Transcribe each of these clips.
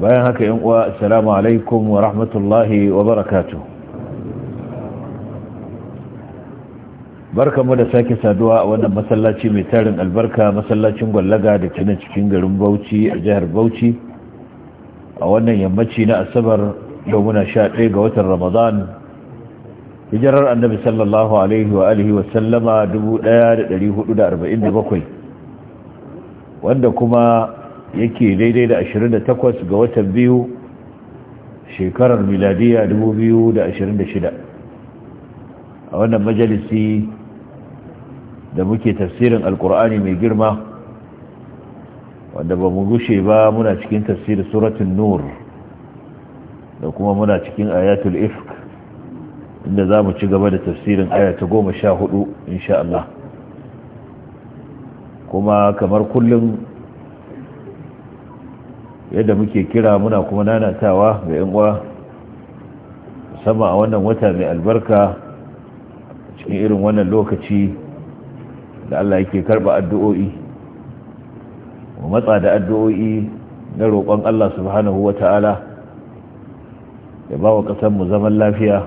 bayan haka yan uwa assalamu alaikum wa rahmatullahi wa barakatuh barkamu da sake saduwa a wannan masallaci mai tarin albarka masallacin gwallaga da ke cikin garin Bauchi a jihar Bauchi a wannan yammaci na asabar yau muna 11 ga watan Ramadan hijirar annabi sallallahu alaihi wa alihi wa sallama 1447 wanda kuma yake daidai da 28 ga watan biyu shekarar miladiya 2026 a wannan majalisi da muke tafsirin alkur'ani mai girma wanda ba mu gushe ba muna cikin tafsirin suratun nur da kuma muna cikin ayatul ifk inda za mu ci gaba da tafsirin ayata goma sha hudu insha Allah kuma kamar kullum yadda muke kira muna kuma nanatawa ga uwa sama a wannan wata mai albarka cikin irin wannan lokaci da Allah yake karba addu'o'i mu matsa da addu'o'i na roƙon Allah subhanahu wa ta'ala ya ba wa ƙasarmu zaman lafiya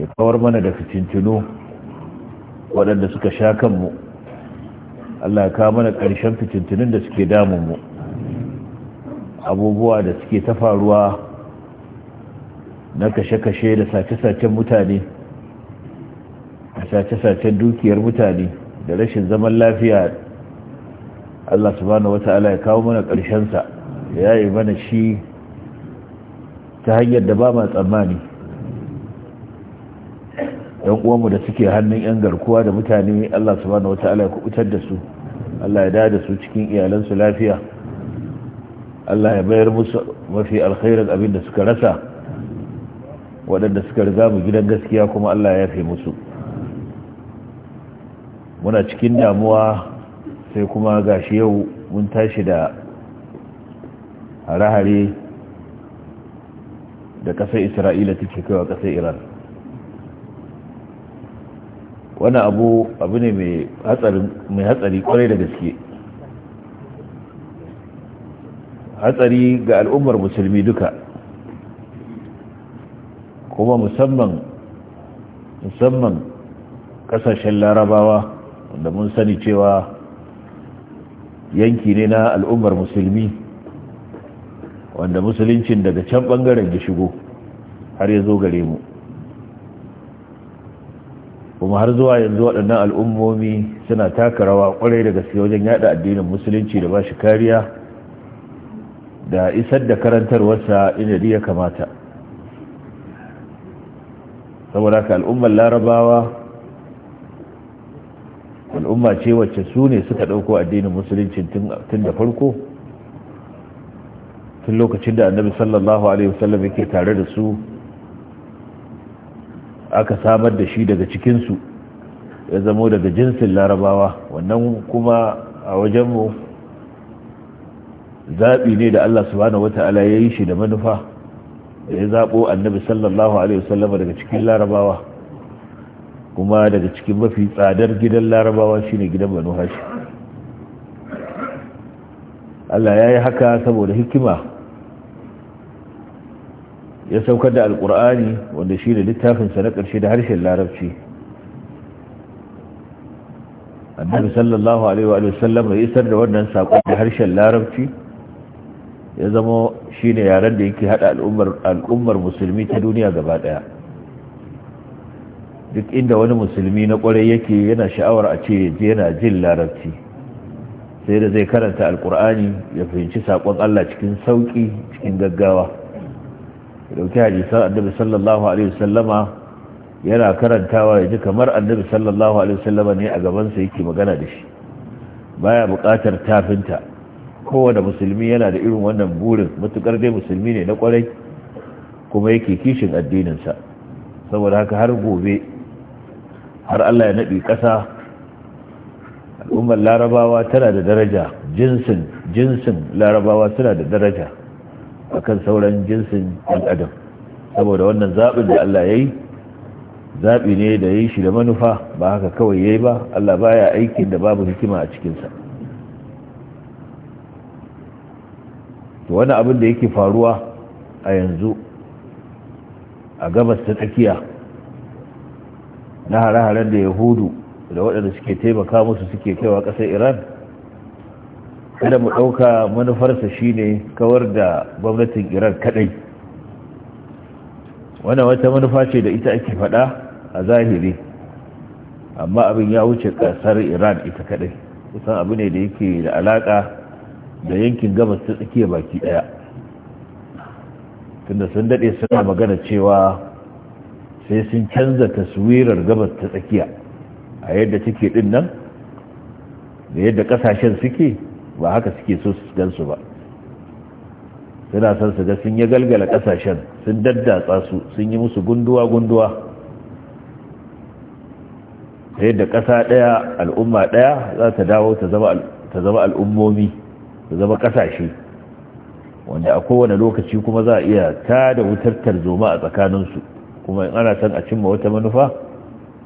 ya kawar mana da fitintunu waɗanda suka sha kanmu Allah ya kawo mana ƙarshen fitintunin da suke damunmu mu abubuwa da suke ta faruwa na kashe-kashe da sace-sacen mutane a sace-sacen dukiyar mutane da rashin zaman lafiya Allah subhanahu wata'ala ya kawo mana ƙarshensa ya yi mana shi ta hanyar da ba ma tsammani ɗan uwanmu da suke hannun 'yan garkuwa da mutane Allah subhanahu wata'ala ya kubutar da su Allah ya da su cikin iyalansu lafiya Allah ya bayar musu mafi alkhairar abin da suka rasa waɗanda suka riga mu gidan gaskiya kuma Allah ya yafe musu muna cikin damuwa sai kuma gashi yau mun tashi da hare-hare da ƙasar isra'ila take kaiwa ƙasar iran wani abu abu ne mai hatsari kwarai da gaske hatsari ga al'ummar musulmi duka kuma musamman musamman kasashen larabawa da mun sani cewa yanki ne na al'ummar musulmi wanda musuluncin daga can bangaren ya shigo har ya zo gare mu kuma har zuwa yanzu waɗannan al'ummomi suna taka rawa ƙwarai da gaske wajen yada addinin musulunci da ba shi kariya da isar da karantarwarsa inda ya kamata saboda ka al'ummar larabawa al'umma ce wacce su ne suka ɗauko addinin musulunci tun da farko tun lokacin da annabi sallallahu alaihi wasallam yake tare da su aka samar da shi daga cikinsu ya zamo daga jinsin larabawa wannan kuma a wajenmu zaɓi ne da Allah subhanahu wata'ala ya yi shi da manufa da ya zaɓo annabi sallallahu alaihi wasallama daga cikin larabawa kuma daga cikin mafi tsadar gidan larabawa shine gidan banu hashi Allah ya yi haka saboda hikima ya saukar da alƙur'ani wanda shi ne littafinsa na ƙarshe da harshen larabci annabi sallallahu alaihi wa ya isar da wannan saƙon da harshen larabci ya zama ne yaren da yake hada al'ummar musulmi ta duniya gaba daya duk inda wani musulmi na kwarai yake yana sha'awar a ce yana jin larabci sai da zai karanta alkur'ani ya fahimci saƙon Allah cikin sauƙi cikin gaggawa dauke ɗauki hadisan annabi sallallahu alaihi wasallama yana karantawa ya ji kamar annabi sallallahu alaihi wasallama ne a gabansa yake magana da shi baya buƙatar tafinta kowane musulmi yana da irin wannan burin matukar dai musulmi ne na kwarai kuma yake kishin addininsa saboda haka har gobe har Allah ya naɗi ƙasa al'ummar larabawa tana da daraja jinsin jinsin larabawa tana da daraja akan sauran jinsin ɗan adam saboda wannan zaɓin da Allah ya yi zaɓi ne da ya yi shi da manufa ba haka kawai ya yi ba Allah baya aikin da babu hikima a cikinsa to wani abin da yake faruwa a yanzu a gabas ta tsakiya na hare-haren da yahudu da waɗanda suke taimaka musu suke kaiwa ƙasar iran kada mu ɗauka manufarsa shine kawar da gwamnatin iran kaɗai wani wata manufa ce da ita ake faɗa a zahiri amma abin ya wuce ƙasar iran ita kaɗai kusan abu ne da yake da alaƙa da yankin gabas ta tsakiya baki daya tunda sun daɗe suna magana cewa sai sun canza taswirar gabas ta tsakiya a yadda take din nan da yadda ƙasashen suke ba haka suke so su gansu ba suna son su ga sun yi galgala ƙasashen sun daddatsa su sun yi musu gunduwa-gunduwa ta yadda ƙasa ɗaya al'umma ɗaya za ta dawo ta zama al'ummomi ku zama kasashe wanda a kowane lokaci kuma za a iya ta da wutar tarzoma a tsakaninsu kuma in ana son a cimma wata manufa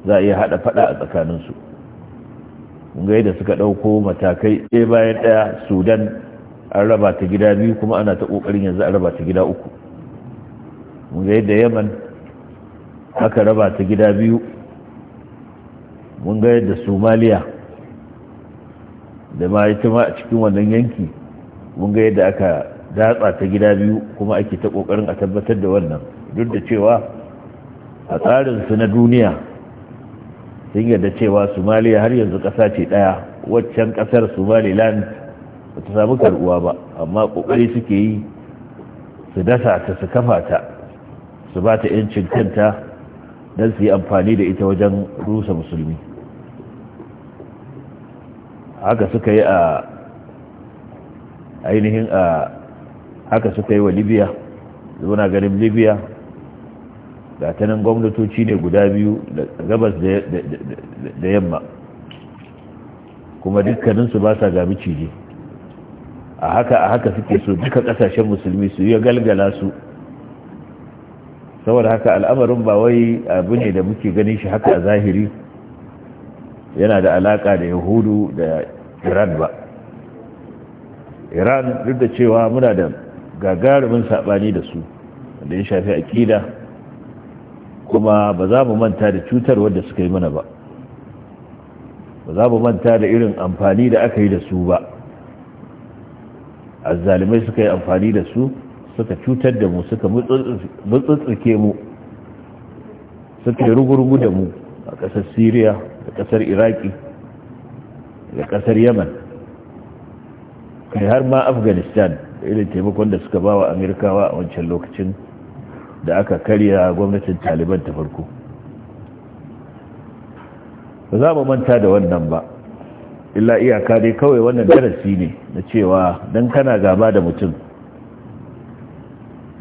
za a iya haɗa faɗa a tsakaninsu ga da suka ɗauko matakai ɗaya bayan ɗaya sudan an raba ta gida biyu kuma ana ta ƙoƙarin yanzu an raba ta gida uku mun ga yadda yaman aka raba ta gida biyu mun ga yadda somaliya da ma ita ma a cikin wannan yanki mun ga yadda aka datsa ta gida biyu kuma ake ta kokarin a tabbatar da wannan duk da cewa a tsarin su na duniya sun yarda cewa somaliya har yanzu ƙasa ce ɗaya waccan ƙasar somaliland ba ta samu karbuwa ba amma ƙoƙari suke yi su dasa ta su kafa ta su ba ta 'yancin kanta don su yi amfani da ita wajen rusa musulmi haka suka yi a ainihin a haka suka yi wa libya zuna ganin libya ga ta gwamnatoci ne guda biyu da gabas da yamma kuma dukkaninsu ba sa gami cije a haka a haka suke so duka kasashen musulmi su yi galgala su saboda haka al'amarin ba wai abu ne da muke ganin shi haka a zahiri yana da alaka da yahudu da iran ba iran duk da cewa muna da gagarumin saɓani da su da ya shafi aƙida kuma ba za mu manta da cutar wadda suka yi mana ba ba za mu manta da irin amfani da aka yi da su ba azzalimai suka yi amfani da su suka cutar da mu suka mutsutsuke mu suka yi rugurgu da mu a ƙasar Siriya. da kasar iraki da kasar yaman kai har ma afghanistan irin taimakon da suka bawa amerikawa a wancan lokacin da aka karya gwamnatin taliban ta farko ba za mu manta da wannan ba illa iyaka dai kawai wannan darasi ne na cewa don kana gaba da mutum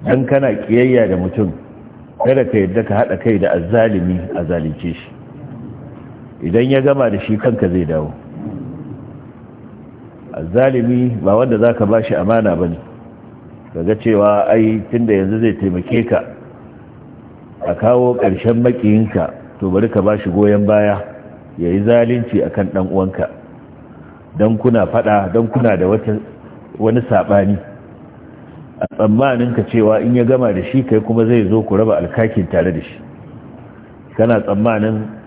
don kana kiyayya da mutum kada ka yadda ka haɗa kai da azalimi a zalince shi idan ya gama da shi kanka zai dawo zalimi ba wanda za ka ba shi amana ba ne daga cewa ai tunda yanzu zai taimake ka a kawo ƙarshen makiyinka to bari ka ba shi goyon baya ya yi zalunci a kan ɗan'uwanka don kuna faɗa don kuna da wani saɓani a ka cewa in ya gama da shi kai kuma zai zo ku raba alkakin tare da shi kana tsammanin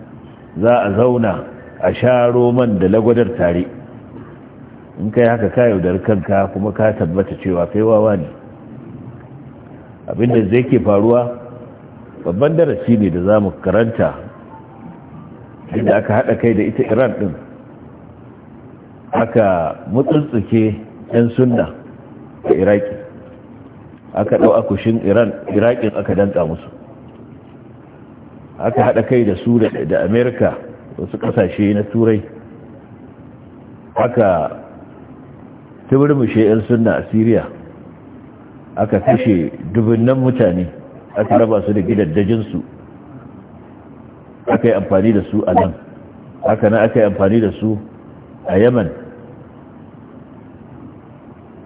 za a zauna a sha roman da lagwadar tare in kai haka ka yaudar kanka kuma ka tabbata cewa kai wawa ne abinda zai ke faruwa babban darasi ne da za mu karanta inda aka haɗa kai da ita iran ɗin aka mutsuntsuke 'yan sunna a iraki aka ɗau akushin iran iraƙin aka danta musu aka haɗa kai da su da amerika wasu ƙasashe na turai aka tibirmushe 'yan sunna a syria aka kashe dubunnan mutane aka raba su da gidaddajinsu aka yi amfani da su a nan aka na aka yi amfani da su a yaman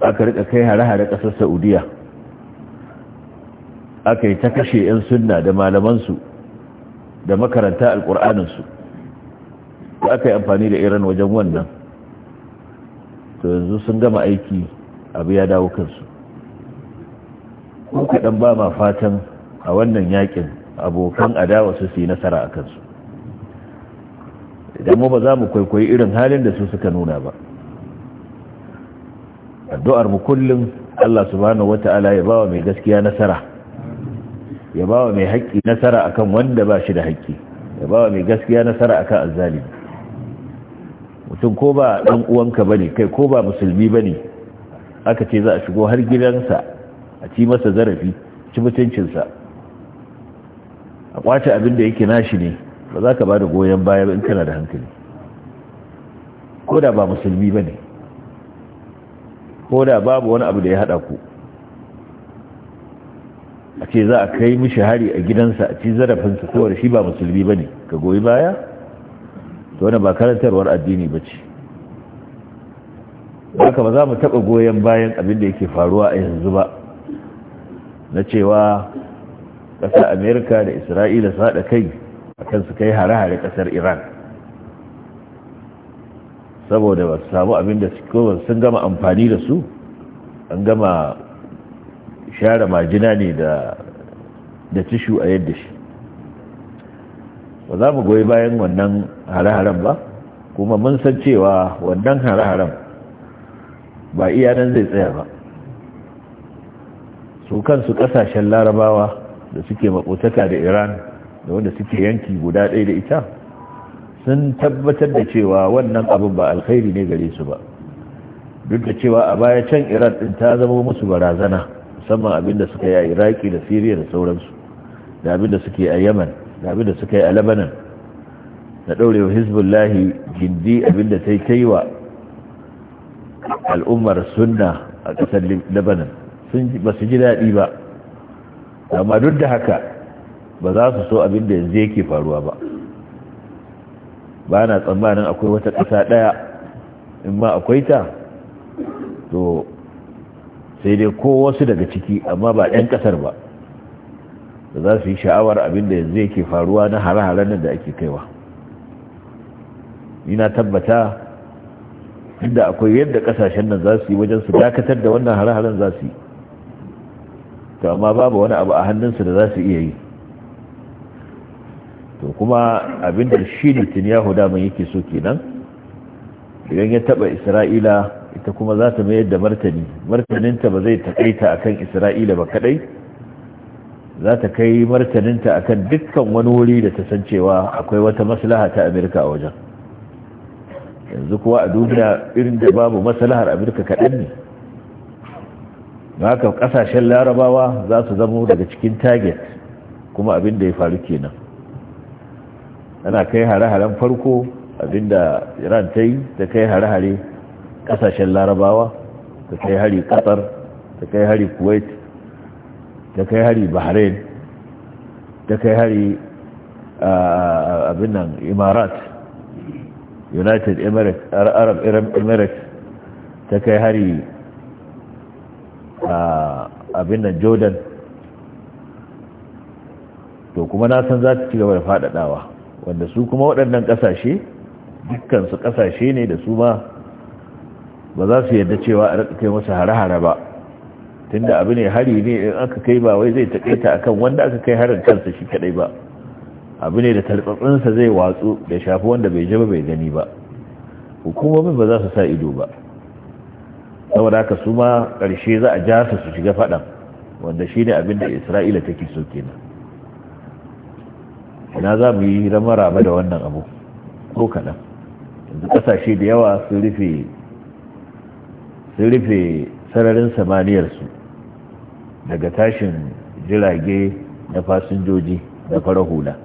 aka rika kai hare-hare ƙasar saudiya aka yi ta kashe 'yan sunna da malamansu da makaranta alƙur'aninsu da aka yi amfani da iran wajen wannan to yanzu sun gama aiki abu ya dawo kansu kuka kaɗan ba ma fatan a wannan yakin abokan adawa su yi nasara a kansu idan mu ba za mu kwaikwayi irin halin da su suka nuna ba addu'ar mu kullum Allah subhanahu wata'ala ya bawa mai gaskiya nasara ya bawa mai haƙƙi nasara akan wanda ba shi da haƙƙi ya bawa mai gaskiya nasara akan azzalimi mutum ko ba ɗan uwanka bane kai ko ba musulmi bane aka ce za a shigo har gidansa a ci masa zarafi ci mutuncinsa a kwace abin da yake nashi ne ba za ka ba da goyon baya ba in kana da hankali ko da ba musulmi ba ne. ko da babu wani abu da ya haɗa ku a ce za a kai mishi hari a gidansa a ci zarafin su kowar shi ba musulmi ba ne ka goyi baya to wani ba karantarwar addini ba ce ba za mu taba goyon bayan abinda yake faruwa a yanzu ba na cewa ƙasa amerika da isra'ila su haɗa kai a kan su kai hare-hare ƙasar iran saboda ba su samu abin da sun gama amfani da su an gama share majina ne da da tishu a yadda shi ba za mu goyi bayan wannan hare-haren ba kuma mun san cewa wannan hare-haren ba iyanan zai tsaya ba su kansu kasashen larabawa da suke makotaka da iran da wanda suke yanki guda ɗaya da ita sun tabbatar da cewa wannan abin ba alkhairi ne gare su ba duk da cewa a baya can iran ɗin ta zama musu barazana musamman abinda suka yi a iraki da siriya da sauransu da abinda suke a yaman da abinda suka yi a labanan da ɗaurewa hezbollah gindi abinda ta yi ta yi wa al'ummar sunna a ƙasar labanan ba su ji daɗi ba amma duk da haka ba za su so abinda yanzu yake faruwa ba ba na tsammanin akwai wata ƙasa ɗaya in ma akwai ta to sai dai ko wasu daga ciki amma ba 'yan ƙasar ba da za su yi sha'awar abin da yanzu yake faruwa na hare-haren nan da ake kaiwa ni na tabbata inda akwai yadda kasashen nan za su yi wajen su dakatar da wannan hare-haren za su yi to amma babu wani abu a hannunsu da za su iya yi to kuma abin da shi ne tun yahuda mai yake so kenan idan ya taba isra'ila ita kuma za ta mayar da martani martaninta ba zai takaita kan isra'ila ba kaɗai za ta kai martaninta a kan dukkan wani wuri da ta san cewa akwai wata maslaha ta amurka a wajen yanzu kuwa a duniya irin da babu maslahar amurka kaɗan ne haka ƙasashen larabawa za su zamo daga cikin target kuma abin da ya faru kenan ana kai hare-haren farko abin da iran ta yi ta kai hare-hare kasashen larabawa ta kai hari qatar ta kai hari kuwait ta kai hari bahrain ta kai hari abin imarat united arab emirates ta kai hari abin jordan to kuma na san za ta ci gaba da faɗaɗawa wanda su kuma waɗannan ƙasashe dukkan su ƙasashe ne da su ma ba za su yadda cewa a rika kai masa hare-hare ba tunda abu ne hari ne in aka kai ba wai zai a akan wanda aka kai harin kansa shi kaɗai ba abu ne da talbatsinsa zai watsu da shafi wanda bai jaba bai gani ba hukumomin ba za su sa ido ba saboda haka su ma ƙarshe za a ja su su shiga faɗan wanda shi ne abin da isra'ila take so kenan ina za mu yi ramarama da wannan abu ko kaɗan yanzu ƙasashe da yawa sun rufe sun rufe sararin samaniyarsu daga tashin jirage na fasinjoji da fara hula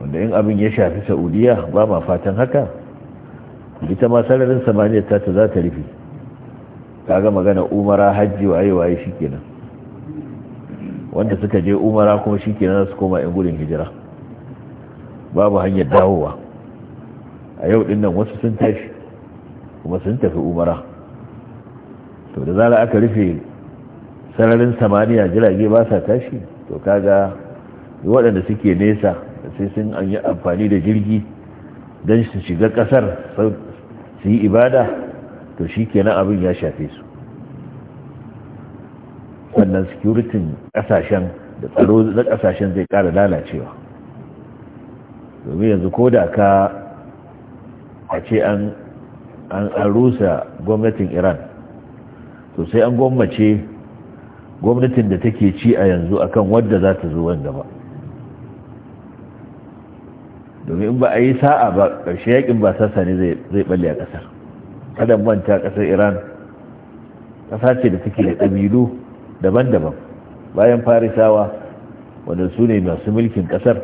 wanda in abin ya shafi saudiya ba ma fatan haka ita ma sararin samaniyar ta ta za ta rufe kaga magana umara hajji waye waye shikenan wanda suka je umara kuma shi shikenan su koma yan gudun hijira babu hanyar dawowa a yau dinnan wasu sun tashi kuma sun tafi umara to da zara aka rufe sararin samaniya jirage ba sa tashi to kaga waɗanda suke nesa sai sun an yi amfani da jirgi don su shiga ƙasar su yi ibada to shi kenan abin ya shafe su wannan sikuritin ƙasashen da tsaro na ƙasashen zai ƙara lalacewa domin yanzu ko da ka a ce an an rusa gwamnatin iran to sai an gwammace gwamnatin da take ci a yanzu akan wadda za ta zo wanda ba domin ba a yi sa'a ba ƙarshe yakin ba sassa ne zai balle a ƙasar kada manta ƙasar iran ƙasa ce da take da ƙabilu daban-daban bayan farisawa wanda su ne masu mulkin ƙasar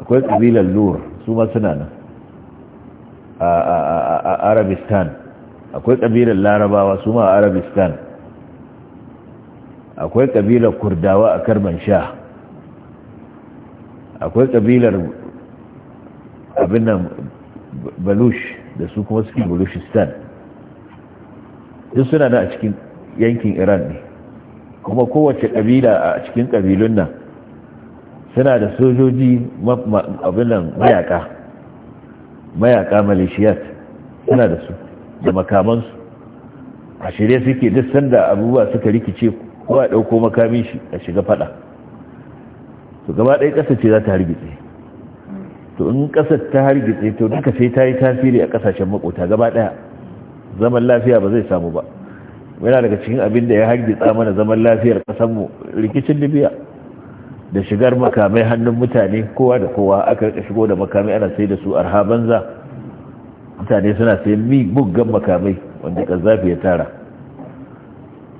akwai ƙabilar lur su ma suna nan a arabistan akwai ƙabilar larabawa su ma a arabistan akwai ƙabilar kurdawa a karban sha akwai ƙabilar abinan balush da su kuma suke balushistan duk suna da a cikin yankin iran ne kuma kowace ƙabila a cikin ƙabilun nan suna da sojoji abinan mayaka mayaka malishiyat suna da su da makamansu a shirye suke duk sanda abubuwa suka rikice ko a ɗauko makamin shi a shiga fada to gaba ɗaya ƙasa ce za ta hargitse to in ƙasar ta hargitse to duka sai ta yi tasiri a ƙasashen makota gaba ɗaya zaman lafiya ba zai samu ba yana daga cikin abin da ya hargitsa mana zaman lafiyar ƙasanmu rikicin libya da shigar makamai hannun mutane kowa da kowa aka rika shigo da makamai ana sai da su arha banza mutane suna sayan muggan makamai wanda kazafi ya tara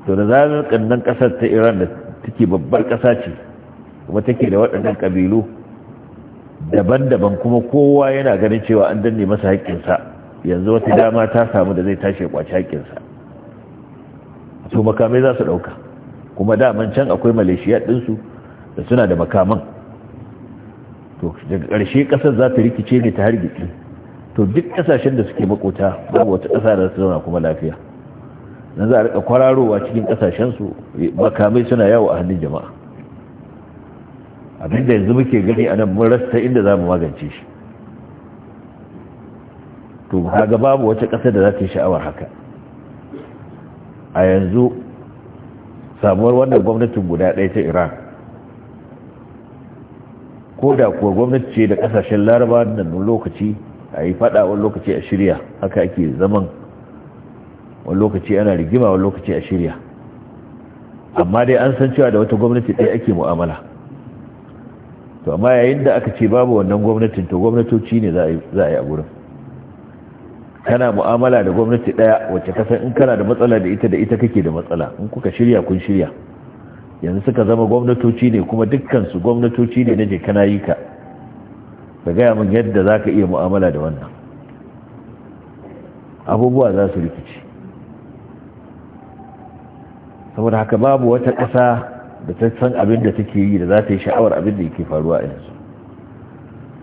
to da zarar kannan kasar ta iran da take babbar kasa ce kuma take da waɗannan kabilu daban-daban kuma kowa yana ganin cewa an danne masa haƙƙinsa yanzu wata dama ta samu da zai tashi ya kwaci haƙƙinsa to makamai za su ɗauka kuma daman can akwai malaysiya ɗinsu da suna da makaman to daga ƙarshe ƙasar za ta rikice ne ta hargitsi to duk ƙasashen da suke makota babu wata ƙasa da su zauna kuma lafiya na za a rika kwararowa cikin ƙasashensu makamai suna yawo a hannun jama'a abinda yanzu muke gani a nan mun ta inda za mu magance shi to kaga babu wata ƙasa da za ta yi sha'awar haka a yanzu samuwar wannan gwamnatin guda ɗaya ta iran ko da kuwa gwamnati ce da kasashen laraba nan lokaci a yi fada wani lokaci a shirya haka ake zaman wani lokaci ana rigima wani lokaci a shirya amma dai an san cewa da wata gwamnati ɗaya ake mu'amala to amma yayin da aka ce babu wannan gwamnatin to gwamnatoci ne za a yi a gurin kana mu'amala da gwamnati ɗaya wacce kasan in kana da matsala da ita da ita kake da matsala in kuka shirya kun shirya yanzu suka zama gwamnatoci ne kuma dukkansu gwamnatoci ne na na yi ka ka gaya min yadda za ka iya mu'amala da wannan abubuwa za su rikici saboda haka babu wata ƙasa da ta san abin da take yi da za ta yi sha'awar abin da yake faruwa a yanzu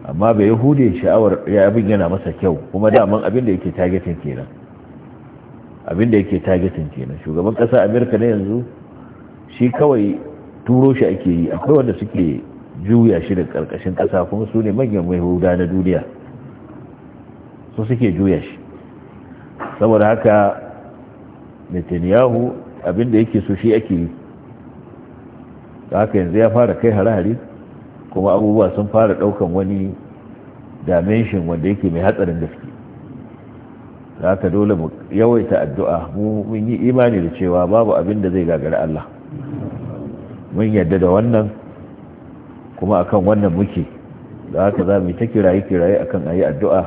amma bai hude sha'awar ya abin yana masa kyau kuma daman abin da yake targetin kenan abin da yake targetin kenan shugaban ƙasa amerika na yanzu shi kawai turo shi ake yi akwai wanda suke juya shi da karkashin kasa kuma su ne manyan mahuda na duniya su suke juya shi saboda haka netanyahu abinda yake so shi ake yi da haka yanzu ya fara kai harahari kuma abubuwa sun fara daukan wani damenshin wanda yake mai hatsarin gaske za haka dole yawaita addu'a mu mun yi imani da cewa babu abin da zai gagari Allah mun yadda da wannan kuma akan wannan muke da haka za mu yi ta kiraye-kiraye akan ayi addu'a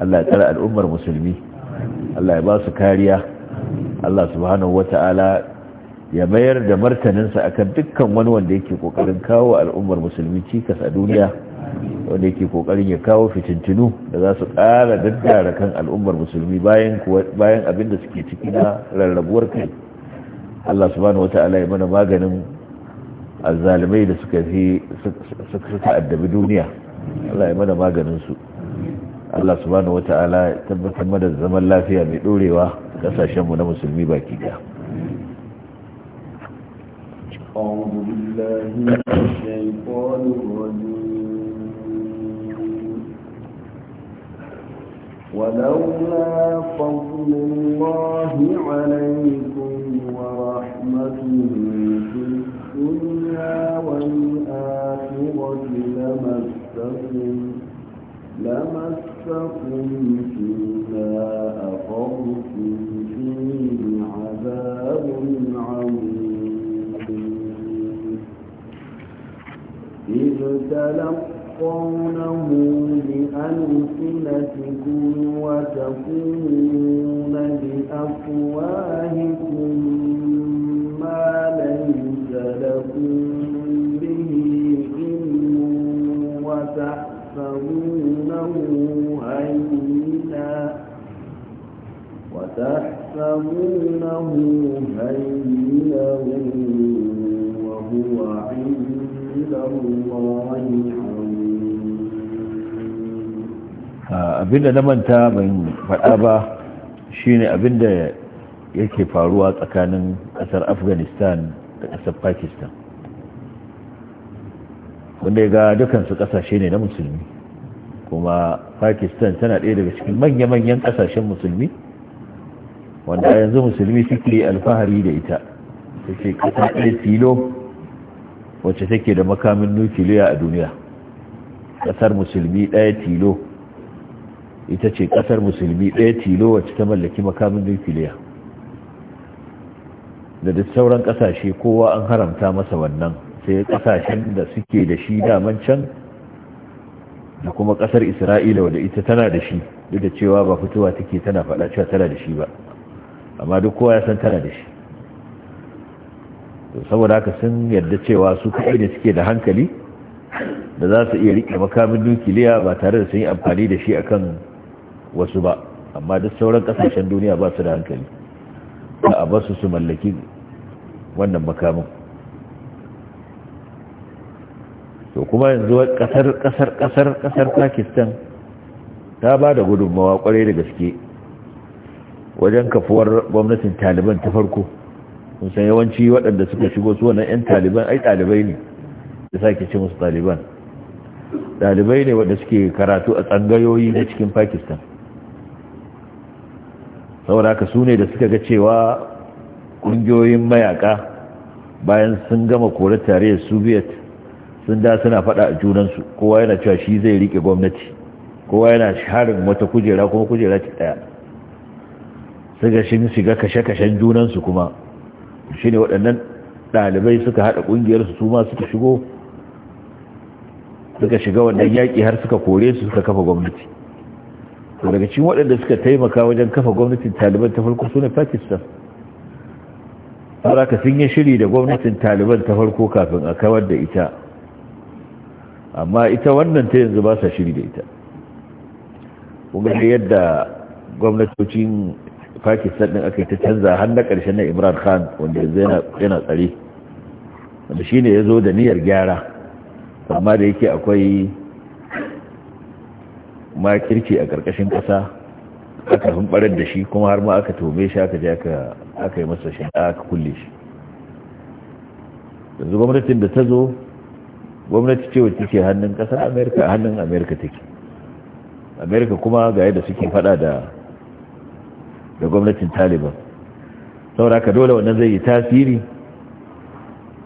Allah ya tsara al'ummar musulmi Allah ya ba su kariya Allah subhanahu ta'ala ya mayar da martaninsa akan dukkan wani wanda yake kokarin kawo al'ummar musulmi cikas a duniya wanda yake kokarin ya kawo fitintinu da za su ƙara daddara kan al'ummar musulmi bayan abin da suke ciki na rarrabuwar kai Allah subhanahu wata'ala ya mana maganin azzalimai da suka fi suka addabi duniya Allah ya mana maganin su Allah subhanahu wata'ala ya tabbatar mana zaman lafiya mai ɗorewa, ƙasashenmu na musulmi baki da أعوذ بالله من الشيطان الرجيم ولولا فضل الله عليكم ورحمته في الدنيا والآخرة لما لمسكم فيما أخذتم فيه عذاب عظيم إذ تلقوا تلقونه بألسنتكم وتقولون بأفواهكم ما ليس لكم به علم وتحسبونه هينا وتحسبونه هينا وهو عند الله عظيم abinda na manta ban faɗa ba shine abinda yake faruwa tsakanin ƙasar afghanistan da ƙasar pakistan wanda ya ga dukansu ƙasashe ne na musulmi kuma pakistan tana ɗaya daga cikin manya-manyan ƙasashen musulmi wanda yanzu musulmi suke alfahari da ita suke ɗaya tilo wacce take da makamin nukiliya a duniya ƙasar musulmi ɗaya tilo ita ce kasar musulmi ɗaya tilo wacce ta mallaki makamin nukiliya da duk sauran kasashe kowa an haramta masa wannan sai kasashen da suke da shi daman can da kuma kasar isra'ila wadda ita tana da shi duk da cewa ba fitowa take tana fada cewa tana da shi ba amma duk kowa ya san tana da shi saboda haka sun yarda cewa su kaɗai da suke da hankali da za su iya riƙe makamin nukiliya ba tare da sun yi amfani da shi akan wasu ba amma duk sauran kasashen duniya ba su da hankali a basu su mallaki wannan makamin to kuma yanzu kasar kasar kasar kasar pakistan ta ba da gudunmawa kwarai da gaske wajen kafuwar gwamnatin taliban ta farko san yawanci waɗanda suka shigo su wannan 'yan taliban ai ɗalibai ne da sake ce musu taliban ɗalibai ne waɗanda suke karatu a tsangayoyi na cikin pakistan saboda haka su ne da suka ga cewa ƙungiyoyin mayaka bayan sun gama kore tare da soviet sun da suna fada a junansu kowa yana cewa shi zai rike gwamnati kowa yana harin wata kujera kuma kujera ce ɗaya suka shi shiga kashe-kashen junansu kuma shi ne waɗannan ɗalibai suka haɗa ƙungiyarsu su ma suka shigo suka shiga wannan yaƙi har suka kore su suka kafa gwamnati to daga cikin waɗanda suka taimaka wajen kafa gwamnatin taliban ta farko su ne pakistan saboda sun yi shiri da gwamnatin taliban ta farko kafin a kawar da ita amma ita wannan ta yanzu ba sa shiri da ita kuma yadda gwamnatocin pakistan ɗin aka yi ta canza har na ƙarshen na imran khan wanda yanzu yana tsare wanda ne ya zo da niyyar gyara amma da yake akwai makirci a ƙarƙashin ƙasa aka humɓarar da shi kuma har ma aka tome shi aka je aka yi masa shi aka kulle shi yanzu gwamnatin da ta zo gwamnati ce wacce ke hannun ƙasar amerika hannun amerika take amerika kuma ga yadda suke fada da da gwamnatin taliban saboda haka dole wannan zai yi tasiri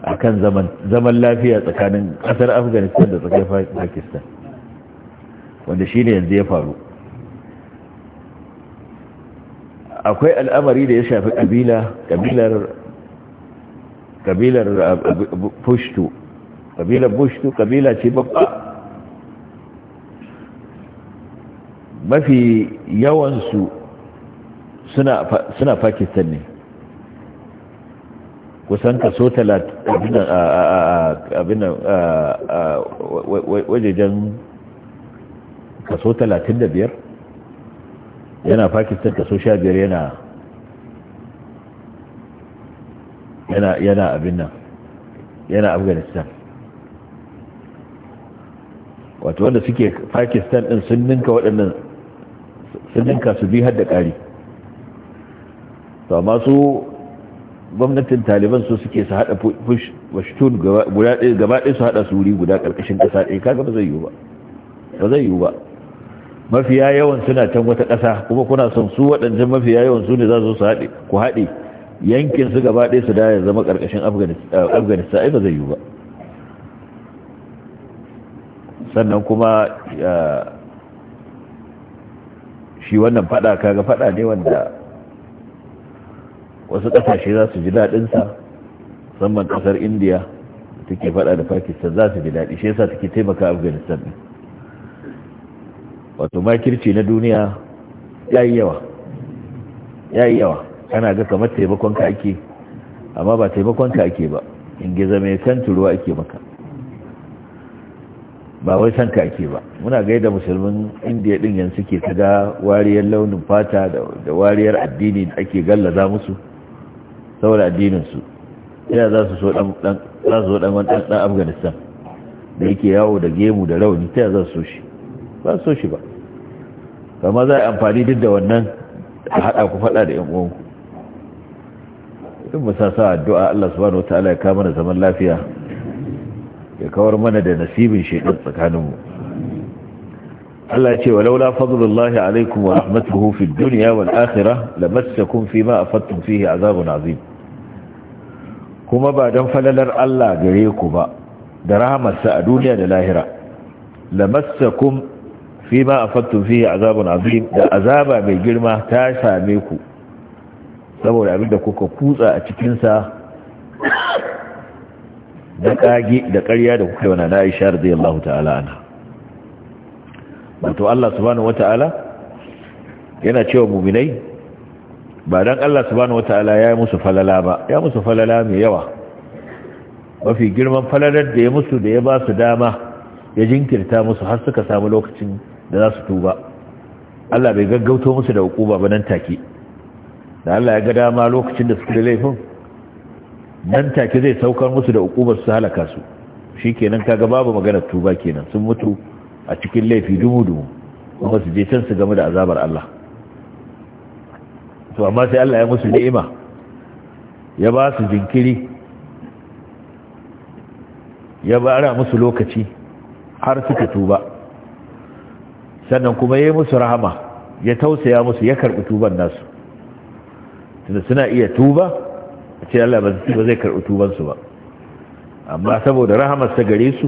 akan zaman zaman lafiya tsakanin ƙasar afghanistan da tsakanin pakistan wanda shi ne yanzu ya faru akwai al'amari da ya shafi kabila kabilar kabilar uh, pushtu kabilar pushtu kabila ce babba mafi yawansu suna pakistan ne kusan kaso talatin a wajejen kaso 35 yana pakistan kaso 15 yana yana yana abin nan yana afghanistan wato wanda suke pakistan din sun ninka waɗannan sun ninka su bi hadda ƙari to su gwamnatin taliban su suke su haɗa push gaba ɗaya su haɗa su wuri guda ƙarƙashin ƙasa ɗaya kaga ba zai yiwu ba ba zai yiwu ba mafiya yawan suna can wata ƙasa kuma kuna son su waɗancan mafiya yawan su ne za su haɗe ku haɗe yankin su gaba ɗaya su da ya zama ƙarƙashin eh, afghanistan ai ba zai yi ba sannan kuma shi wannan ka kaga faɗa ne wanda wasu ƙasashe za su ji daɗinsa musamman ƙasar indiya take faɗa da pakistan za su ji daɗi shi yasa take taimaka afghanistan ɗin wato makirci na duniya ya yi yawa ya yi yawa kana ga kamar taimakonka ake amma ba taimakonka ake ba in gizo mai kan turuwa ake maka ba wai san ka ake ba muna gaida musulmin indiya din yanzu ke ta ga wariyar launin fata da wariyar addini da ake gallaza musu saboda addininsu ina za su so dan afghanistan da yake yawo da gemu da rauni ta za su so shi ba so shi ba kama za a amfani duk da wannan a haɗa ku faɗa da ‘yan uwanku in mu sa addu'a Allah subhanahu wa ta'ala ya kama da zaman lafiya ya kawar mana da nasibin shaidan tsakaninmu Allah ce wa laula fadlullahi alaikum wa rahmatuhu fid dunya wal akhirah lamassakum fima afattum fihi azabun azim kuma ba don falalar Allah gare ku ba da rahamarsa a duniya da lahira lamassakum fi ma afattum fihi azabun azim da azaba mai girma ta same ku saboda abin da kuka kutsa a cikinsa da kage da ƙarya da kuka yi wa na Aisha radiyallahu ta'ala ala'ana wato Allah subhanahu wata'ala yana cewa mu'minai ba don Allah subhanahu wata'ala ya yi musu falala ba ya musu falala mai yawa mafi girman falalar da ya musu da ya ba su dama ya jinkirta musu har suka samu lokacin da za su tuba Allah bai gaggauto musu da hukuma ba nan take da Allah ya ga dama lokacin da su da laifin nan take zai saukar musu da hukumar su halaka su shikenan kaga babu magana tuba kenan sun mutu a cikin laifi dumu-dumu kuma su je can su game da azabar Allah to amma sai Allah ya musu ni'ima ya ba su jinkiri ya bara musu lokaci har suka tuba sannan kuma ya musu rahama ya tausaya musu ya karɓi tuban nasu tunda suna iya tuba a ce Allah ba zai karɓi tubansu ba amma saboda ta gare su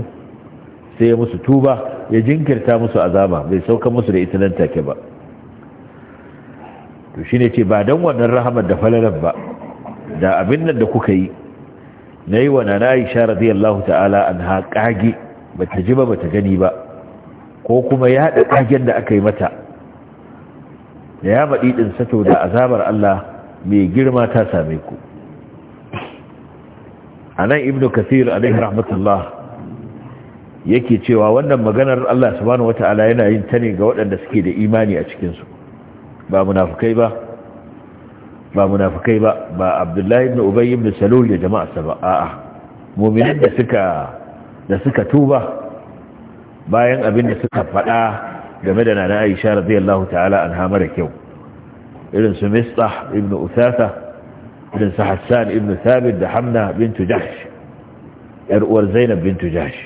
sai ya musu tuba ya jinkirta musu azaba bai sauka musu da ita nan take ba to shine ce ba dan wannan rahamar da falalar ba da abin nan da kuka yi na yi wa nana aisha radiyallahu ta'ala an haƙage ba ta ji ba ba ta gani ba ko kuma ya haɗa ƙagen da aka yi mata da ya maɗi ɗin sato da azabar Allah mai girma ta same ku a nan ibn kathir alaihi rahmatullah yake cewa wannan maganar Allah subhanahu wata'ala yana yin ta ne ga waɗanda suke da imani a cikinsu ba munafukai ba ba munafikai ba ba abdullahi ibn ubay ibn salul da jama'arsa ba a'a mu'minin da suka da suka tuba bayan abin da suka faɗa game da nana aisha radiyallahu ta'ala anha mara kyau irin su mistah ibn usasa irin su hassan ibn thabit da hamna bintu jahsh yar uwar zainab bintu jahsh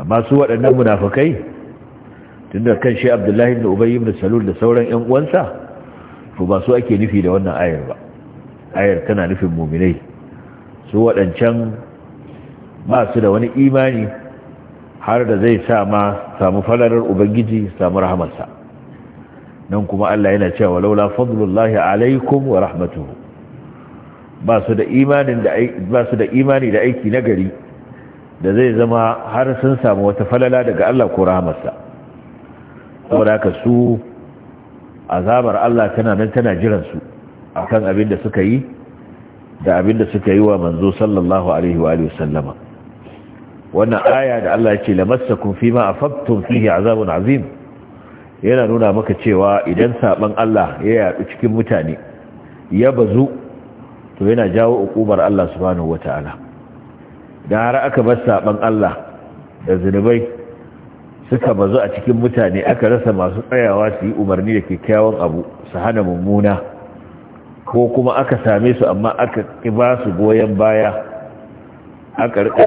amma su waɗannan munafikai tunda kan shi abdullahi ibn ubay ibn salul da sauran ƴan uwansa to ba su ake nufi da wannan ayar ba ayar tana nufin mu'minai su waɗancan ba su da wani imani har da zai sa ma samu falalar ubangiji samu rahamarsa nan kuma Allah yana cewa laula fadlullahi alaikum wa rahmatuhu ba su da imanin da ba su da imani da aiki nagari da zai zama har sun samu wata falala daga Allah ko rahamarsa saboda haka su azabar Allah tana nan tana jiran su akan abin da suka yi da abin da suka yi wa manzo sallallahu alaihi wa alihi wannan aya da Allah ya ce lamassakum fima afaqtum fihi azabun azim yana nuna maka cewa idan saban Allah ya yadu cikin mutane ya bazu to yana jawo ukubar Allah subhanahu wataala da har aka bar saban Allah da zunubai suka bazu a cikin mutane aka rasa masu tsayawa su yi umarni da kyakkyawan abu su hana mummuna ko kuma aka same su amma aka ba su goyon baya aka rika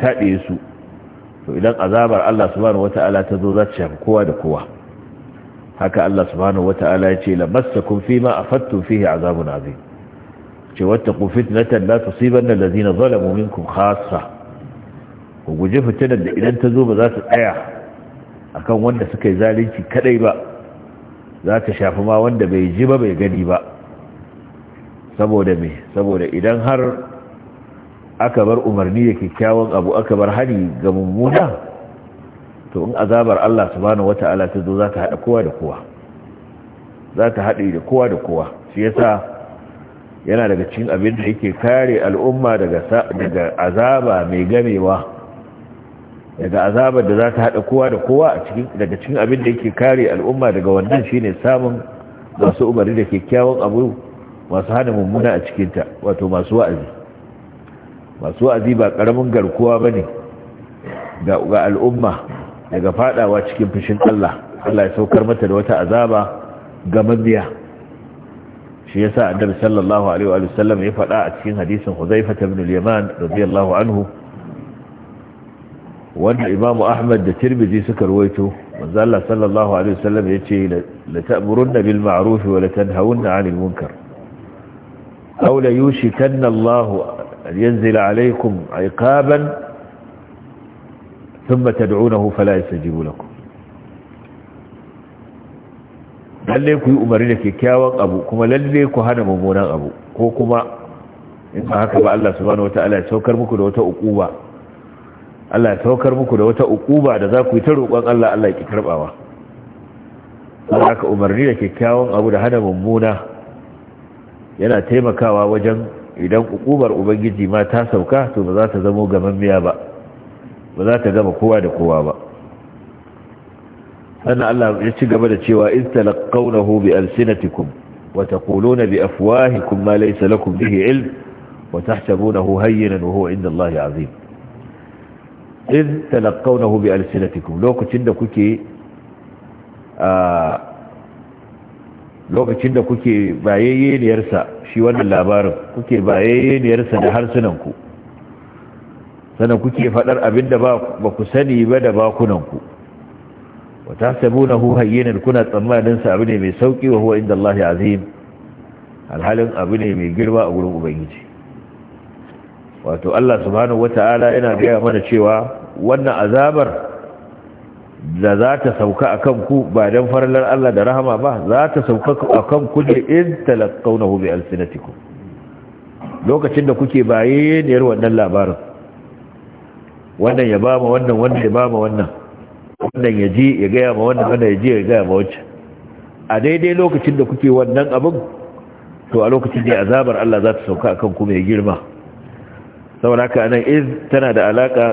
taɗe su to idan azabar Allah subhanahu wata'ala ta zo za ta shafi kowa da kowa haka Allah subhanahu wata'ala ya ce lamassakum fima afattum fihi azabun azim ce wattaqu fitnatan la tusibanna allazina zalamu minkum khassa ku guji fitinar da idan ta zo ba za ta tsaya akan wanda suka yi zalunci kadai ba za ta shafi ma wanda bai ji ba bai gani ba saboda me saboda idan har aka bar umarni da kyakkyawan abu aka bar hari ga mummuna to in azabar Allah subhanahu wata'ala ta zo za ta haɗa kowa da kowa za ta haɗe da kowa da kowa shi yasa yana daga cikin abin da yake kare al'umma daga azaba mai gamewa daga azabar da za ta haɗa kowa da kowa daga cikin abin da yake kare al'umma daga wannan shi ne samun masu umarni da kyakkyawan abu masu hana mummuna a cikinta wato masu wa'azi masu wa'azi ba karamin garkuwa bane ne ga al'umma daga fadawa cikin fushin Allah Allah ya saukar mata da wata azaba ga mabiya shi yasa annabi sallallahu alaihi wa sallam ya faɗa a cikin hadisin Huzaifa ibn al-Yaman radiyallahu anhu wanda Imam Ahmad da Tirmidhi suka rawaito manzo Allah sallallahu alaihi wa sallam yace la ta'murunna bil ma'ruf wa la tanhawunna 'anil munkar aw la yushikanna Allahu ينزل عليكم عقابا ثم تدعونه فلا يستجيب لكم lalle ku yi umarni da kyakkyawan abu kuma lalle ku hana mummunan abu ko kuma in haka ba Allah subhanahu wata'ala ya saukar muku da wata uquba Allah ya saukar muku da wata uquba da za ku yi ta roƙon Allah Allah ya ki karbawa haka umarni da kyakkyawan abu da hana mummuna yana taimakawa wajen idan ukubar ubangiji ma ta sauka to ba za ta zamo gamammiya ba ba za ta gama kowa da kowa ba sannan Allah ya ci gaba da cewa in talaqawnahu bi alsinatikum wa taquluna bi afwahikum ma laysa lakum bihi ilm wa tahsabunahu hayyinan wa huwa inda Allah azim in talaqawnahu bi alsinatikum lokacin da kuke a lokacin da kuke bayayyiyar sa shi wannan labarin kuke bayaniyarsa da harsunanku sannan kuke faɗar abin da ba ku sani ba da bakunanku wata ta sabu na kuna tsammaninsa abu ne mai sauƙi wa huwa inda Allah azim alhalin abu ne mai girma a gurin ubangiji wato Allah subhanahu wata'ala yana gaya mana cewa wannan azabar da za ta sauka a kanku ba don farlar Allah da rahama ba za ta sauka a kanku da in talakaunahu hube alfinatiku lokacin da kuke baye da yar wannan labarin wannan ya ba ma wannan wannan ya ba ma wannan wannan ya ji ya gaya ma wannan wannan ya ji ya gaya ma wancan a daidai lokacin da kuke wannan abin to a lokacin da azabar Allah za ta sauka a kanku mai girma saboda haka anan iz tana da alaka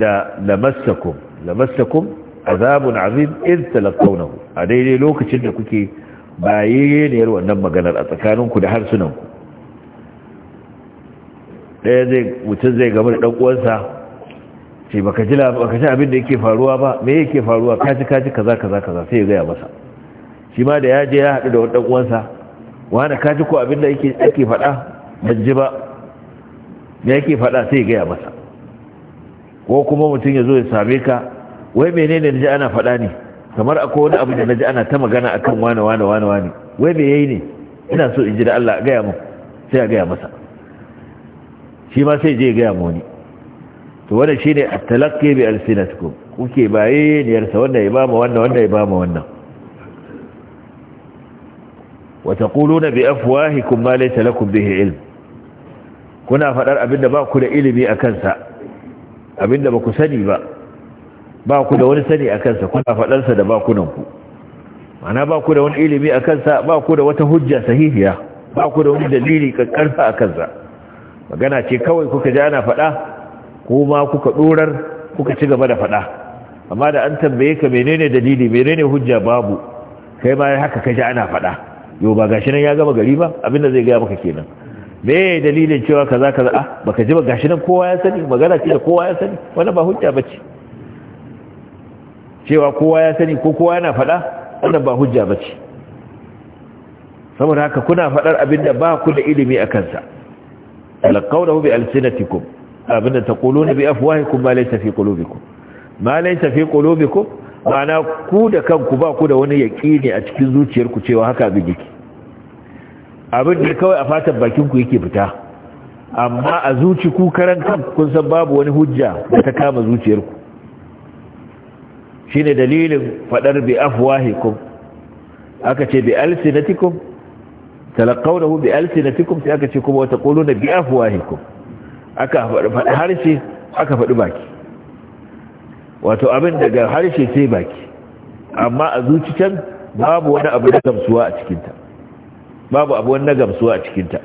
da lamassakum lamassakum azabun azim iz talaqawnahu a daidai lokacin da kuke baye ne wannan maganar a tsakaninku da harsunanku daya zai mutum zai gaba da dan uwansa ce baka ji baka ji abin da yake faruwa ba me yake faruwa kaji kaji kaza kaza kaza sai ya gaya masa shi ma da ya je ya haɗu da wani uwansa wani kaji ko abin da yake ake faɗa ban ji ba me yake faɗa sai ya gaya masa ko kuma mutum ya zo ya same ka wai menene naji ana faɗa ne kamar akwai wani abu da naji ana ta magana akan wane wane wane wane wai me yayi ne ina so in ji da Allah a gaya mu sai a gaya masa shi ma sai je gaya mu ne to wannan shine at-talaqqi bi ku? kuke baye yar sa wanda ya bama wannan wanda ya bama wannan wa taquluna bi afwahikum ma laysa lakum bihi ilm kuna fadar abinda ba ku da ilimi akan sa abinda ba ku sani ba ba ku da wani sani a kansa kuna faɗarsa da bakunanku mana ba ku da wani ilimi a kansa ba ku da wata hujja sahihiya ba ku da wani dalili ƙarfa a kansa magana ce kawai kuka ji ana faɗa kuma kuka ɗorar kuka ci gaba da faɗa amma da an tambaye ka menene dalili menene hujja babu kai ma haka ka ji ana faɗa yau ba gashi nan ya gama gari ba abin da zai gaya maka kenan me dalilin cewa kaza kaza ah baka ji ba gashi nan kowa ya sani magana ce da kowa ya sani wannan ba hujja bace cewa kowa ya sani ko kowa yana faɗa wannan ba hujja ba ce saboda haka kuna faɗar abin da ba ku da ilimi a kansa talaqawnahu bi alsinatikum abin da taquluna bi afwahikum ma laysa fi qulubikum ma laysa fi qulubikum ma'ana ku da kanku ba ku da wani yaqini a cikin zuciyarku cewa haka abin yake abin da kawai a fatan bakin ku yake fita amma a zuci ku karan kun san babu wani hujja da ta kama zuciyarku shine dalilin fadar bi afwahikum aka ce bi alsinatikum talaqawnahu bi alsinatikum sai aka ce kuma wata quluna bi afwahikum aka faɗi harshe aka faɗi baki wato abin daga harshe sai baki amma a zuciyan babu wani abu na gamsuwa a cikinta babu abu wani na gamsuwa a cikinta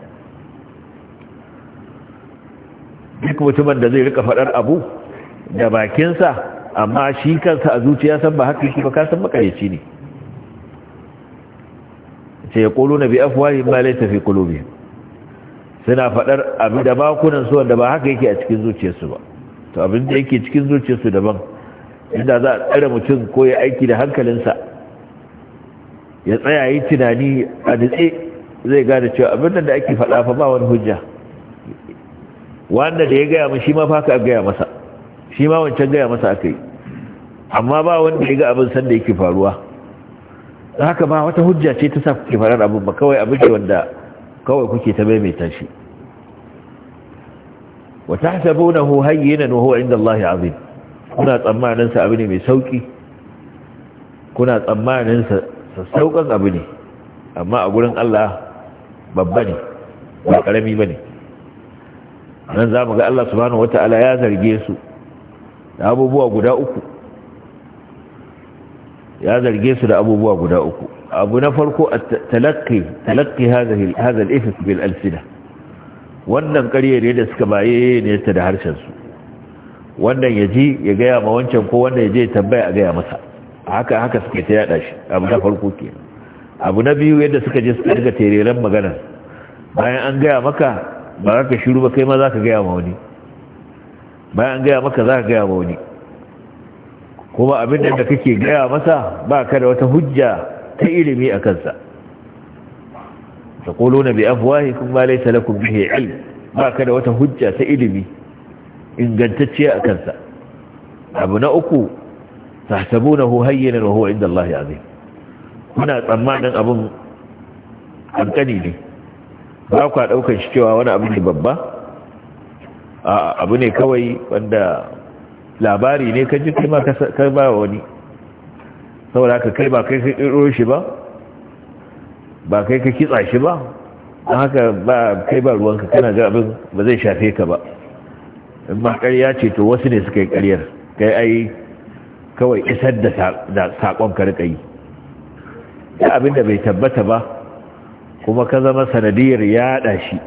duk mutumin da zai rika faɗar abu da bakinsa amma shi kansa a zuciya san ba haka ba ka san makayyaci ne ce ya ƙolo na bi afuwar ma laisa tafi kulobi suna faɗar abin da bakunan su wanda ba haka yake a cikin zuciyarsu ba to abin da yake cikin zuciyarsu daban inda za a tsara mutum ko ya aiki da hankalinsa ya tsaya yi tunani a nutse zai gane cewa abin da ake faɗa fa ba wani hujja wanda da ya gaya mun mafaka a fa ka gaya masa shi ma wancan gaya masa aka yi amma ba wanda ya ga abin sanda yake faruwa haka ba wata hujja ce ta sa kuke farar abin ba kawai abin ce wanda kawai kuke ta maimaita shi wa tahsabunahu yana nuhu a inda Allah ya kuna tsammanin sa abu ne mai sauki kuna tsammanin sa saukan abu ne amma a gurin Allah babba ne ba karami ne nan mu ga Allah subhanahu wataala ya zarge su da abubuwa guda uku ya zarge su da abubuwa guda uku abu na farko a talakki talakki hadha ifis bil alfida. wannan ƙaryar da suka baye ne ta da harshen su wannan ya ji ya gaya ma wancan ko wanda ya je tambaya a gaya masa haka haka suke ta yada shi abu na farko ke abu na biyu yadda suka je suka daga tereren magana bayan an gaya maka ba za ka shiru ba kai ma za ka gaya ma wani bayan gaya maka za ka gaya ma wani kuma abin da kake gaya masa ba ka da wata hujja ta ilimi a kansa na bi afwahikum ma laysa lakum bihi ilm ba ka da wata hujja ta ilimi ingantacciya a kansa abu na uku tahsabunahu hayyinan hayyana huwa inda Allah azim muna tsammanin abin kankani ne ba ku daukan shi cewa wani abu ne babba abu ne kawai wanda labari ne ka ji ma ka ba wani saboda ka kai ba kai ka ɗiro shi ba ba kai ka kitsa shi ba don haka ba kai ba ruwanka kana ga abin ba zai shafe ka ba in ma ƙarya ce to wasu ne suka yi ƙaryar kai ai kawai isar da saƙon karka yi ya abin da bai tabbata ba kuma ka zama sanadiyar yaɗa shi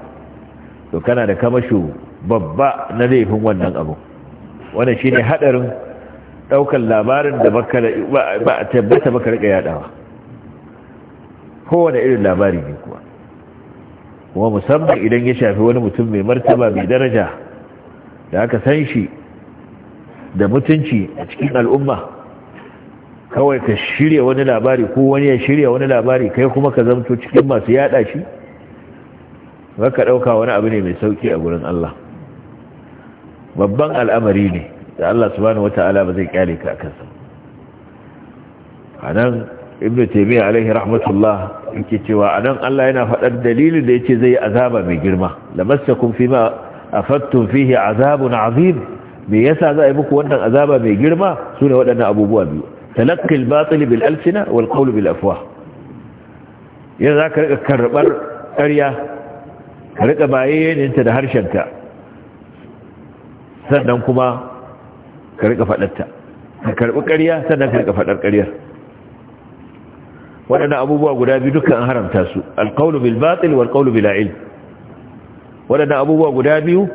to kana da kamasho babba na laifin wannan abu wannan shine hadarin ɗaukar labarin da ba a tabbata baka rika yaɗawa kowane irin labari ne kuwa kuma musamman idan ya shafi wani mutum mai martaba mai daraja da aka san shi da mutunci a cikin al'umma kawai ka shirya wani labari ko wani ya shirya wani labari kai kuma ka zamto cikin masu yada shi ba ka ɗauka wani abu ne mai sauki a gurin Allah babban al'amari ne da Allah subhanahu wata'ala ba zai kyale ka kansa. A nan ibnu taymiya alaihi rahmatullah yake cewa anan Allah yana faɗar dalilin da ya ce zai azaba mai girma lamassakum fima afattum fihi azabun azim me yasa za a yi muku wannan azaba mai girma Suna waɗannan abubuwa biyu talaqqi Batsali bil alsina wal qawl bil afuwa. yanzu za ka riƙa karɓar ƙarya ka riƙa baye da harshenta sannan kuma ka riƙa faɗarta ka karɓi ƙarya sannan ka riƙa faɗar ƙaryar waɗannan abubuwa guda biyu dukkan an haramta su alƙaunu bil batil wal qawlu bil ilm waɗannan abubuwa guda biyu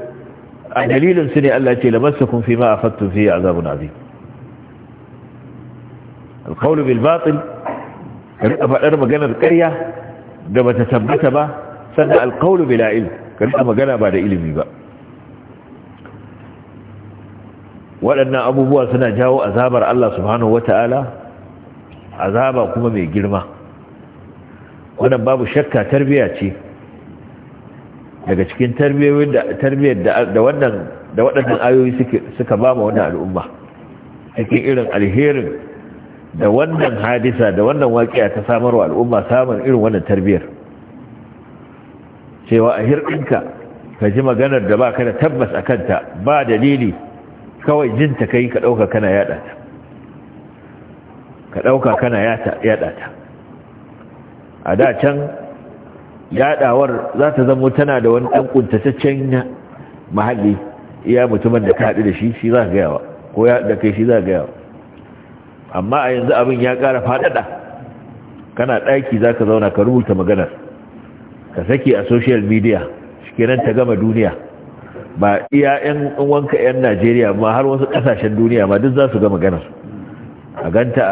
a dalilin su ne Allah ce lamassakum fima afattum fi azabun azim alƙaunu bil batil ka riƙa faɗar maganar ƙarya da bata tabbata ba sannan alƙaunu bil ilm ka riƙa magana ba da ilimi ba waɗannan abubuwa suna jawo azabar Allah subhanahu wata'ala azaba kuma mai girma wannan babu shakka tarbiya ce daga cikin tarbiyyar da waɗannan ayoyi suka ba ma wani al'umma cikin irin alherin da wannan hadisa da wannan waƙiya ta samarwa al'umma samun irin wannan tarbiyyar cewa a hirɗinka ka ji maganar da ba ka da tabbas a kanta ba dalili kawai jin ta kai ka dauka kana yada ta ka dauka kana yada ta a da can yadawar za ta zamo tana da wani dan kuntataccen mahalli iya mutumin da ka haɗu da shi shi za ka gayawa ko ya da kai shi za ka gayawa amma a yanzu abin ya ƙara faɗaɗa kana ɗaki za ka zauna ka rubuta maganar ka sake a social media shi kenan ta gama duniya ba iya yan wanka yan Najeriya ma har wasu kasashen duniya ma duk za su ga magana su a ganta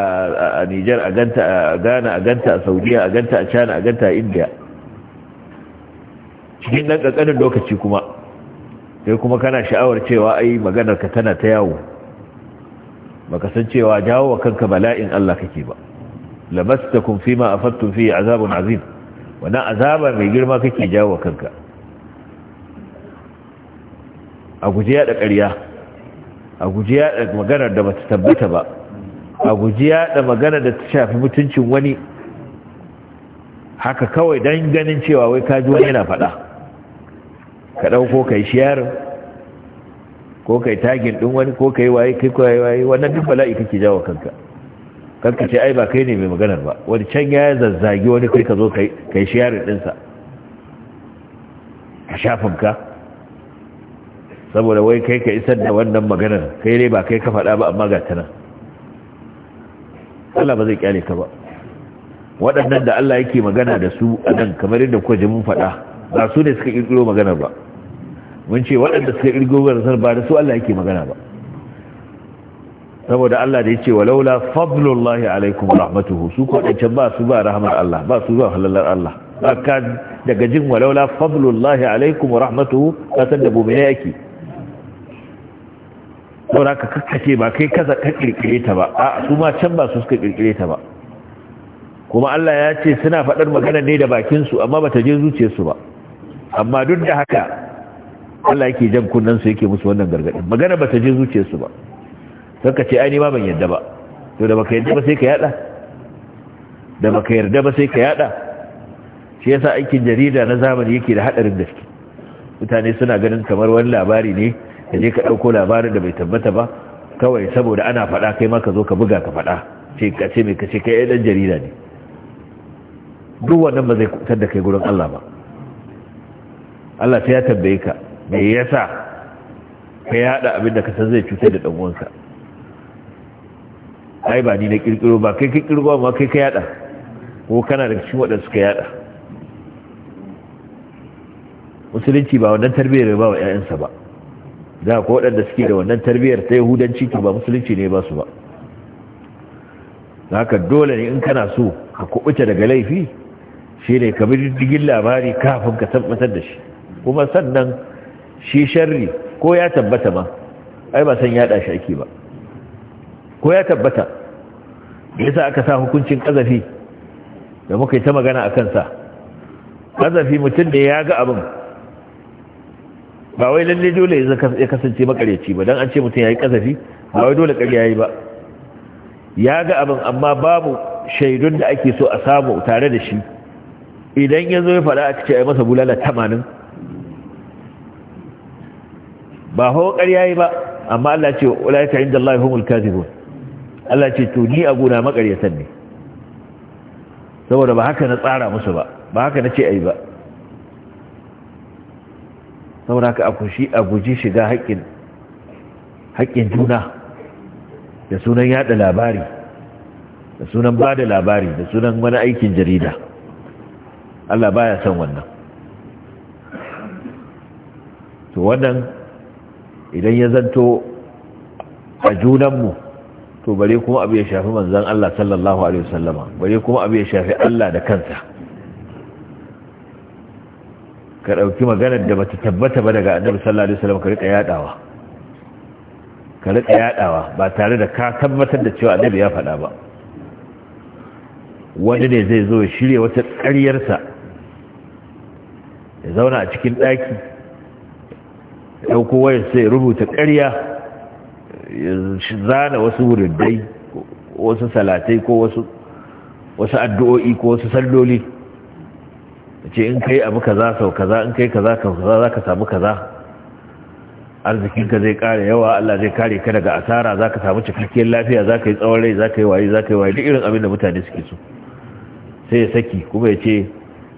a Niger a ganta a Ghana a ganta a Saudiya a ganta a China a ganta a India cikin ɗan ƙaƙanin lokaci kuma sai kuma kana sha'awar cewa ai maganar ka tana ta yawo baka san cewa jawo wa kanka bala'in Allah kake ba lamastakum fima afattum fi azabun azim wannan azaba mai girma kake jawo wa kanka a guji yada ƙarya a guji yada maganar da bata tabbata ba a guji yada maganar da ta shafi mutuncin wani haka kawai don ganin cewa wai kaji wani yana faɗa ka ɗauko ka yi shiyarin ko kai tagin ɗin wani ko kai waye kai kwaye waye wannan duk bala'i kake jawo kanka kanka ce ai ba kai ne mai maganar ba wani can ya zazzagi wani kai ka zo yi shiyarin ɗinsa a shafin ka saboda wai kai ka isar da wannan maganar kai ne ba kai ka faɗa ba amma ga tana Allah ba zai kyale ka ba waɗannan da Allah yake magana da su a nan kamar yadda kuka ji mun faɗa ba su ne suka ƙirƙiro maganar ba mun ce waɗanda suka kirkiro maganar ba da su Allah yake magana ba saboda Allah da ya ce walaula fadlullahi alaikum rahmatuhu su ko dan ba su ba rahmar Allah ba su ba halalar Allah haka daga jin walaula fadlullahi alaikum rahmatuhu ka san da bumina yake saboda ka kakkace ba kai kaza ka kirkire ta ba a su ma can ba su suka kirkire ta ba kuma Allah ya ce suna faɗar magana ne da bakin su amma bata je zuciyarsu ba amma duk da haka Allah yake jan kunnen su yake musu wannan gargadin magana bata je zuciyarsu ba sai ka ce ai ni ma ban yadda ba to da baka yadda ba sai ka yada da baka yarda ba sai ka yada shi yasa aikin jarida na zamani yake da hadarin gaske mutane suna ganin kamar wani labari ne ka je ka ɗauko labarin da bai tabbata ba kawai saboda ana faɗa kai ma ka zo ka buga ka faɗa ce ka ce mai ka kai ɗan jarida ne duk wannan ba zai kutar da kai gurin Allah ba Allah sai ya tambaye ka me yasa ka yada abin da ka san zai cutar da ɗan uwanka ai ba ni na kirkiro ba kai kai kirkiro ba kai ka yada ko kana da cikin waɗanda suka yada musulunci ba wannan tarbiyyar ba wa 'ya'yansa ba da ko waɗanda suke da wannan tarbiyyar ta yahudanci to ba musulunci ne ba su ba haka dole ne in kana so ka kubuta daga laifi shi ne ka diddigin labari kafin ka tabbatar da shi kuma sannan shi sharri ko ya tabbata ma ai ba san yada shi ake ba ko ya tabbata yasa aka sa hukuncin kazafi da muka yi ta magana a kansa kazafi mutum da ya ga abin ba wai lalle dole ya kasance makareci ba don an ce mutum ya yi kasafi ba wai dole karya ya yi ba ya ga abin amma babu shaidun da ake so a samu tare da shi idan ya zo ya fada a ce a masa bulala tamanin ba ho karya yi ba amma Allah ce wala ta inda Allah humul kazibun Allah ce to ni a gona makaryatan ne saboda ba haka na tsara musu ba ba haka na ce ai ba saboda ka a guji shiga haƙƙin juna da sunan yada labari da sunan ba da labari da sunan wani aikin jarida Allah baya son wannan to wannan idan ya zanto a junanmu to bare kuma abu ya shafi manzan Allah sallallahu Alaihi wasallama bare kuma abu ya shafi Allah da kansa ka ɗauki magana da bata tabbata ba daga annabi sallallahu alaihi wasallam ka rika yadawa ka rika yadawa ba tare da ka tabbatar da cewa annabi ya faɗa ba wani ne zai zo ya shirya wata sa ya zauna a cikin ɗaki ɗauko wayar sai rubuta ƙarya ya zana wasu dai wasu salatai ko wasu addu'o'i ko wasu salloli ce in kai abu kaza sau kaza in kai kaza kaza za ka samu kaza arzikinka zai kare yawa Allah zai kare ka daga asara za ka samu cikakkiyar lafiya za ka yi tsawon rai za ka yi waye za ka yi waye duk irin abin da mutane suke so sai ya saki kuma ya ce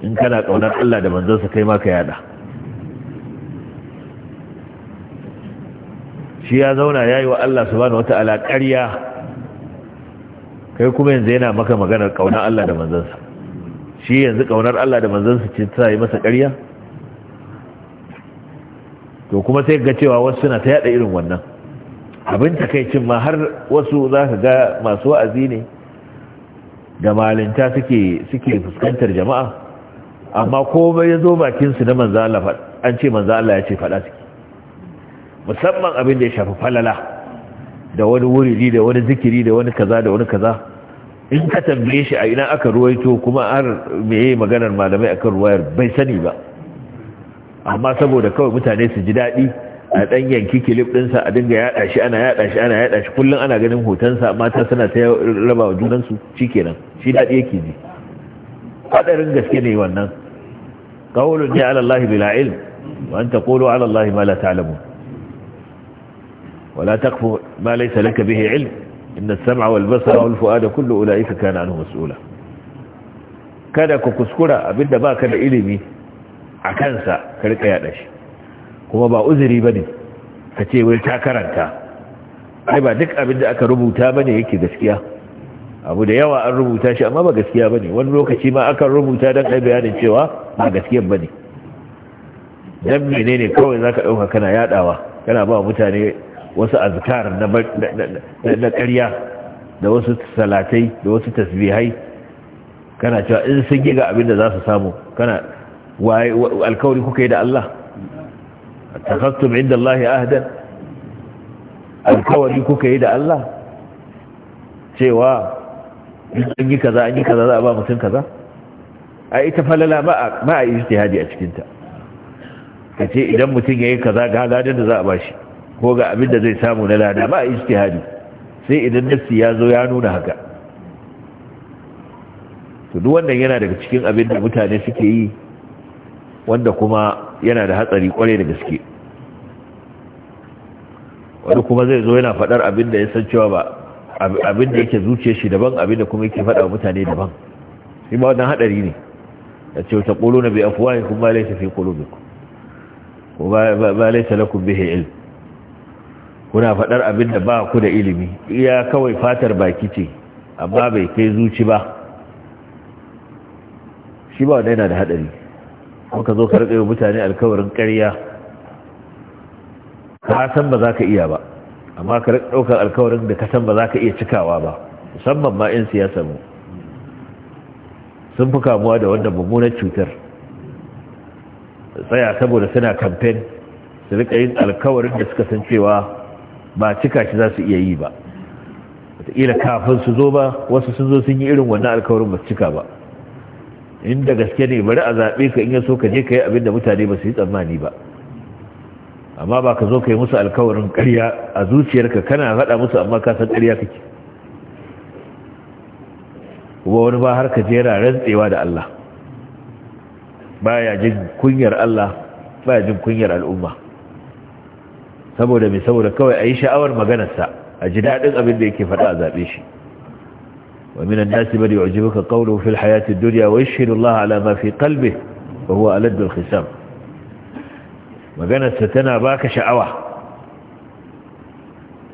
in kana ƙaunar Allah da manzonsa kai ma ka yada shi ya zauna ya yi wa Allah subhanahu wata'ala ƙarya kai kuma yanzu yana maka maganar ƙaunar Allah da manzonsa. shi yanzu kaunar Allah da manzansa ce ta yi masa ƙarya to kuma sai ga cewa wasu suna ta yada irin wannan abin takaicin ma har wasu za ka ga masu wa'azi ne da malinta suke suke fuskantar jama'a amma komai ya zo bakinsu na manzan Allah an ce manzan Allah ya ce faɗa suke musamman abin da ya shafi falala da wani wuri da wani zikiri da wani kaza da wani kaza in ka tambaye shi a ina aka ruwaito kuma har meye maganar malamai akan ruwayar bai sani ba amma saboda kawai mutane su ji daɗi a ɗan yanki kilif ɗinsa a dinga yaɗa shi ana yaɗa shi ana yaɗa shi kullum ana ganin hotonsa mata suna ta raba wa junansu shi kenan shi daɗi yake ji faɗarin gaske ne wannan ƙawulun ne ala Allah bila ilm wa an taqulu ala Allah ma la ta'lamun wala taqfu ma laysa laka bihi ilm inna sam'a wal basara wal fu'ada kullu ulaika kana anhu mas'ula kada ka kuskura abinda baka da ilimi a kansa ka rika shi kuma ba uzuri bane ka ce wai ta karanta ai ba duk abinda aka rubuta bane yake gaskiya abu da yawa an rubuta shi amma ba gaskiya bane wani lokaci ma akan rubuta dan kai bayanin cewa ba gaskiyan bane dan menene kawai zaka ɗauka kana yaɗawa kana ba mutane wasu azkar na ƙarya da wasu salatai da wasu tasbihai kana cewa in sun yi abinda za su samu kana alkawari kuka yi da Allah takastum inda Allah ya ahdan alkawari kuka yi da Allah cewa in yi kaza an yi kaza za a ba mutum kaza a ita falala ma a yi a cikinta ka ce idan mutum ya yi kaza ga haladin da za a ba shi ko ga abin da zai samu na lada ba istihadi sai idan nassi ya zo ya nuna haka to duk wannan yana daga cikin abin da mutane suke yi wanda kuma yana da hatsari kwarai da gaske wani kuma zai zo yana faɗar abin da ya san cewa ba abin da yake zuciya shi daban abin da kuma yake faɗa mutane daban shi ma wannan hadari ne da ce ta kolo na bai afuwa kuma laisa fi ƙolo biku ko ba laisa lakum bihi ilm kuna faɗar abin da ba ku da ilimi iya kawai fatar baki ce amma bai kai zuci ba shi ba wanda yana da haɗari ka zo karɓe wa mutane alkawarin ƙarya ka san ba za ka iya ba amma ka ɗaukar alkawarin da ka san ba za ka iya cikawa ba musamman ma 'yan siyasa mu sun fi kamuwa da wanda mummunar cutar tsaya saboda suna kamfen su rika yin alkawarin da suka san cewa ba cika shi za su iya yi ba wataƙila kafin su zo ba wasu sun zo sun yi irin wannan alkawarin ba su cika ba inda gaske ne bari a zaɓe ka in ya so ka je ka yi abin da mutane ba su yi tsammani ba amma ba ka zo ka yi musu alkawarin karya a zuciyarka kana haɗa musu amma ka san ƙarya kake kuma wani ba har ka jera rantsewa da Allah baya jin kunyar Allah baya jin kunyar al'umma saboda mai saboda kawai a yi sha'awar maganarsa a ji daɗin abin da yake faɗa a zaɓe shi wa minan nasi bari wa jibuka qawlu fil hayati dunya wa yashhadu Allah ala ma fi wa huwa aladdu khisam maganarsa tana baka sha'awa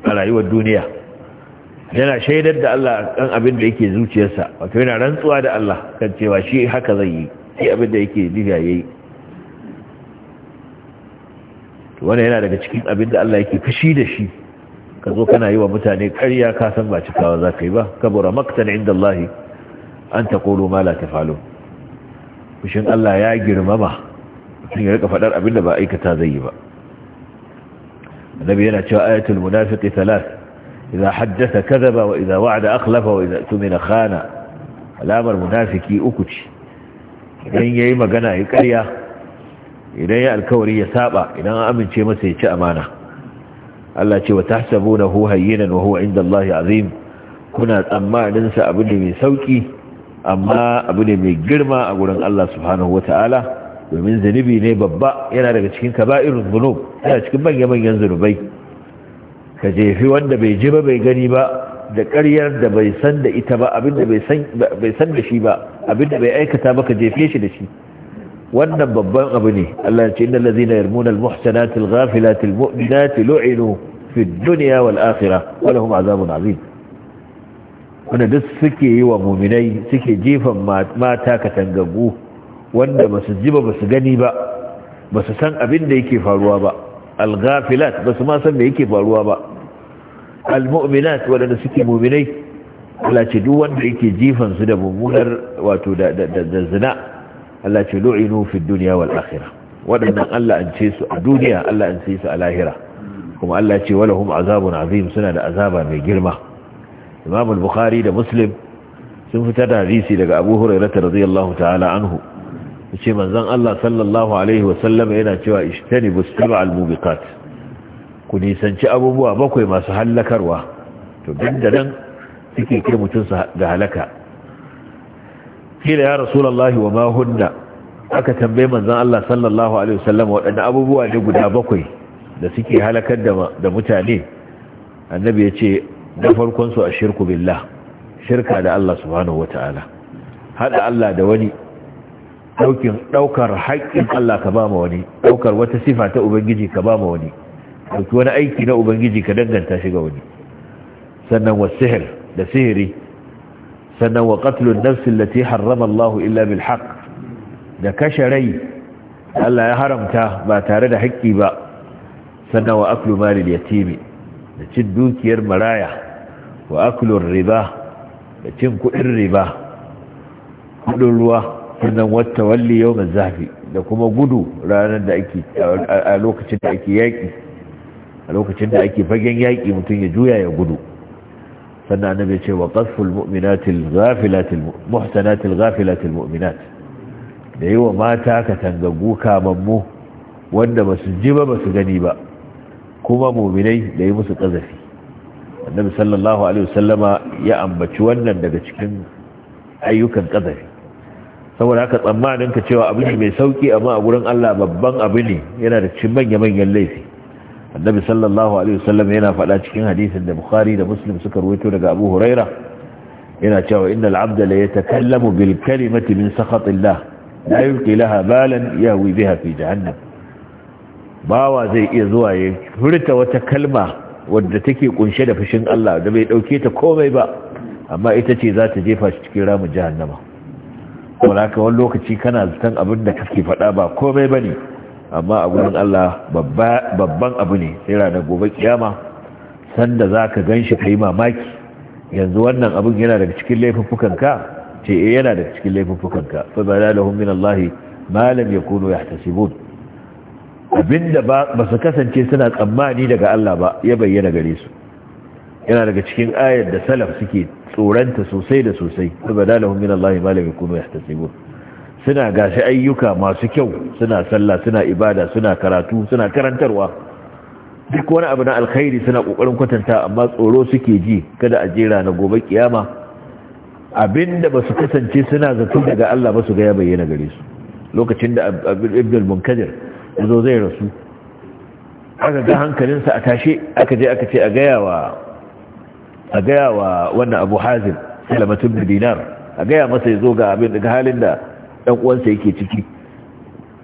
a rayuwar duniya yana shaidar da Allah kan abin da yake zuciyarsa wato yana rantsuwa da Allah kan cewa shi haka zai yi shi abin da yake nufi yayi to yana daga cikin abin da Allah yake fushi da shi ka zo kana yi wa mutane ƙarya ka san ba cikawa za ka yi ba kabura maktan inda Allah an ta kolo ma la tafalu Allah ya girmama mutum ya rika faɗar abin da ba aikata zai yi ba annabi yana cewa ayatul munafiqi thalath idza haddatha kadhaba wa idza wa'ada akhlafa wa idza tumina khana alamar munafiki uku ce idan yayi magana ya ƙarya idan ya alkawari ya saba idan an amince masa ya ci amana Allah ce wa tahsabunahu hayyinan wa huwa inda Allah azim kuna tsammanin sa abu ne mai sauki amma abu ne mai girma a gurin Allah subhanahu wataala domin zunubi ne babba yana daga cikin kaba'irun zunub yana cikin manya-manyan zunubai ka jefi wanda bai ji ba bai gani ba da ƙaryar da bai san da ita ba abinda bai san da shi ba abinda bai aikata ba ka jefe shi da shi wannan babban abu ne Allah ya ce innal ladzina yarmuna al muhsanati al ghafilati al mu'minati lu'inu fi dunya wal akhirah wa lahum azabun azim wanda duk suke yi wa muminai suke jifan mata katangagu wanda ba su ji ba su gani ba ba su san abin da yake faruwa ba al-ghafilat ba su ma san me yake faruwa ba al-mu'minat wadanda suke muminai Allah ce duk wanda yake jifan su da mummunar wato da zina Allah ce lu'inu fi duniya wal akhirah wadannan Allah an ce su a duniya Allah an ce su a lahira kuma Allah ce walahum azabun azim suna da azaba mai girma Imam al-Bukhari da Muslim sun fitar da hadisi daga Abu Hurairah radiyallahu ta'ala anhu yace manzon Allah sallallahu alaihi wa sallam yana cewa ishtanibu sab'al mubiqat ku nisanci abubuwa bakwai masu hallakarwa to duk nan suke kai su ga halaka kila ya rasulallahi wa ma aka tambaye manzon Allah sallallahu alaihi wasallam waɗanne abubuwa ne guda bakwai da suke halakar da mutane annabi ya ce na farkon su shirku billah shirka da Allah subhanahu wataala hada Allah da wani ɗaukar haƙƙin Allah ka ba ma wani Ɗaukar wata sifa ta ubangiji ka ba ma wani dauki wani aiki na ubangiji ka danganta shi ga wani sannan wasihir da sihiri sannan wa qatlun nafsin lati harrama Allah illa bil da kashe rai Allah ya haramta ba tare da haƙƙi ba sannan wa aklu malil yatimi da cin dukiyar maraya wa aklur riba da cin kuɗin riba kuɗin ruwa sannan wata walli yau zafi da kuma gudu ranar da ake a lokacin da ake yaƙi a lokacin da ake fagen yaƙi mutum ya juya ya gudu sannan annabi ce wa qasful mu'minatil ghafilatil ghafilatil mu'minat da yi wa mata ka tangagu kamammu wanda ba su ji ba basu su gani ba kuma muminai da yi musu ƙazafi annabi sallallahu alaihi wasallama ya ambaci wannan daga cikin ayyukan ƙazafi saboda haka tsammanin ka cewa abu ne mai sauki amma a gurin Allah babban abu ne yana da cikin manya-manyan laifi annabi sallallahu alaihi wasallam yana faɗa cikin hadisin da bukhari da muslim suka ruwaito daga abu huraira yana cewa innal abda la yatakallamu bil kalimati min sakhatillah la yulqi laha balan yahwi biha fi jahannam bawa zai iya zuwa ya furta wata kalma wadda take kunshe da fushin Allah da bai dauke ta komai ba amma ita ce za ta jefa shi cikin ramin jahannama wala ka wani lokaci kana zaton abin da kake faɗa ba komai bane amma a gurin Allah babban abu ne sai ranar gobe kiyama sanda za ka gan shi ka yi mamaki yanzu wannan abin yana daga cikin laifuffukanka ce e yana daga cikin laifuffukanka fa da lahum min Allah ma lam yakunu yahtasibun abinda ba ba su kasance suna tsammani daga Allah ba ya bayyana gare su yana daga cikin ayar da salaf suke tsoranta sosai da sosai fa da lahum min Allah ma lam yakunu yahtasibun suna gashi ayyuka masu kyau suna sallah suna ibada suna karatu suna karantarwa duk wani abu na alkhairi suna kokarin kwatanta amma tsoro suke ji kada a jera na gobe kiyama abinda basu kasance suna zato daga Allah ba su ga ya bayyana gare su lokacin da ibn al-munkadir yazo zai rasu aka ga hankalinsa a tashe aka je aka ce a gaya wa a ga yawa wannan abu hazim salamatu bin dinar a gaya masa yazo ga abin ga halin da Ɗan uwansa yake ciki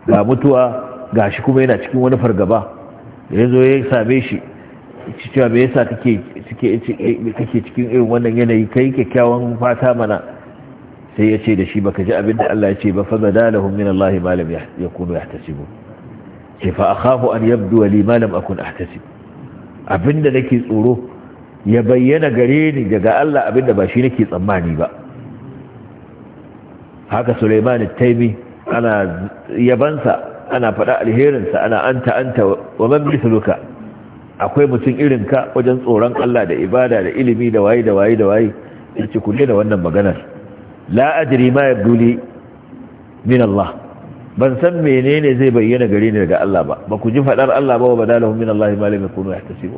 ga mutuwa ga shi kuma yana cikin wani fargaba da ya zo ya same shi cewa me yasa kake cikin irin wannan yanayi kai kyakkyawan fata mana sai ya ce da shi baka ji abin da Allah ya ce ba fa lahum min Allah ma lam yakunu yahtasibu ce fa akhafu an yabdu li ma lam akun ahtasib abinda nake tsoro ya bayyana gare ni daga Allah abinda ba shi nake tsammani ba haka Sulaiman taimi ana yabansa ana faɗa alherinsa ana anta anta wa man mithluka akwai mutum irin ka wajen tsoron Allah da ibada da ilimi da waye da waye da waye yace ku da wannan maganar la adri ma yabduli min Allah ban san menene zai bayyana gare ni daga Allah ba ba ku ji faɗar Allah ba wa badalahum min Allah ma lam yakunu yahtasibu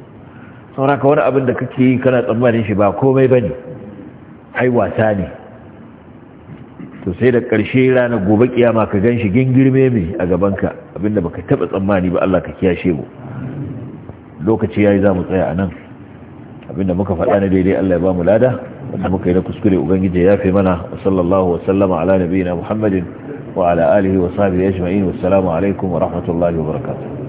sauraka wani abin da kake yi kana tsammanin shi ba komai bane ai wasa ne to sai da ƙarshe ranar gobe kiyama ka gan shi gingirme mai a gabanka abinda baka taɓa tsammani ba Allah ka kiyashe mu lokaci yayi za mu tsaya a nan abinda muka faɗa na daidai Allah ya ba mu lada wanda muka yi na kuskure ubangiji ya fi mana wa sallallahu wa sallama ala nabiyina muhammadin wa ala alihi wa sahbihi ajma'in wassalamu alaikum wa rahmatullahi wa barakatuh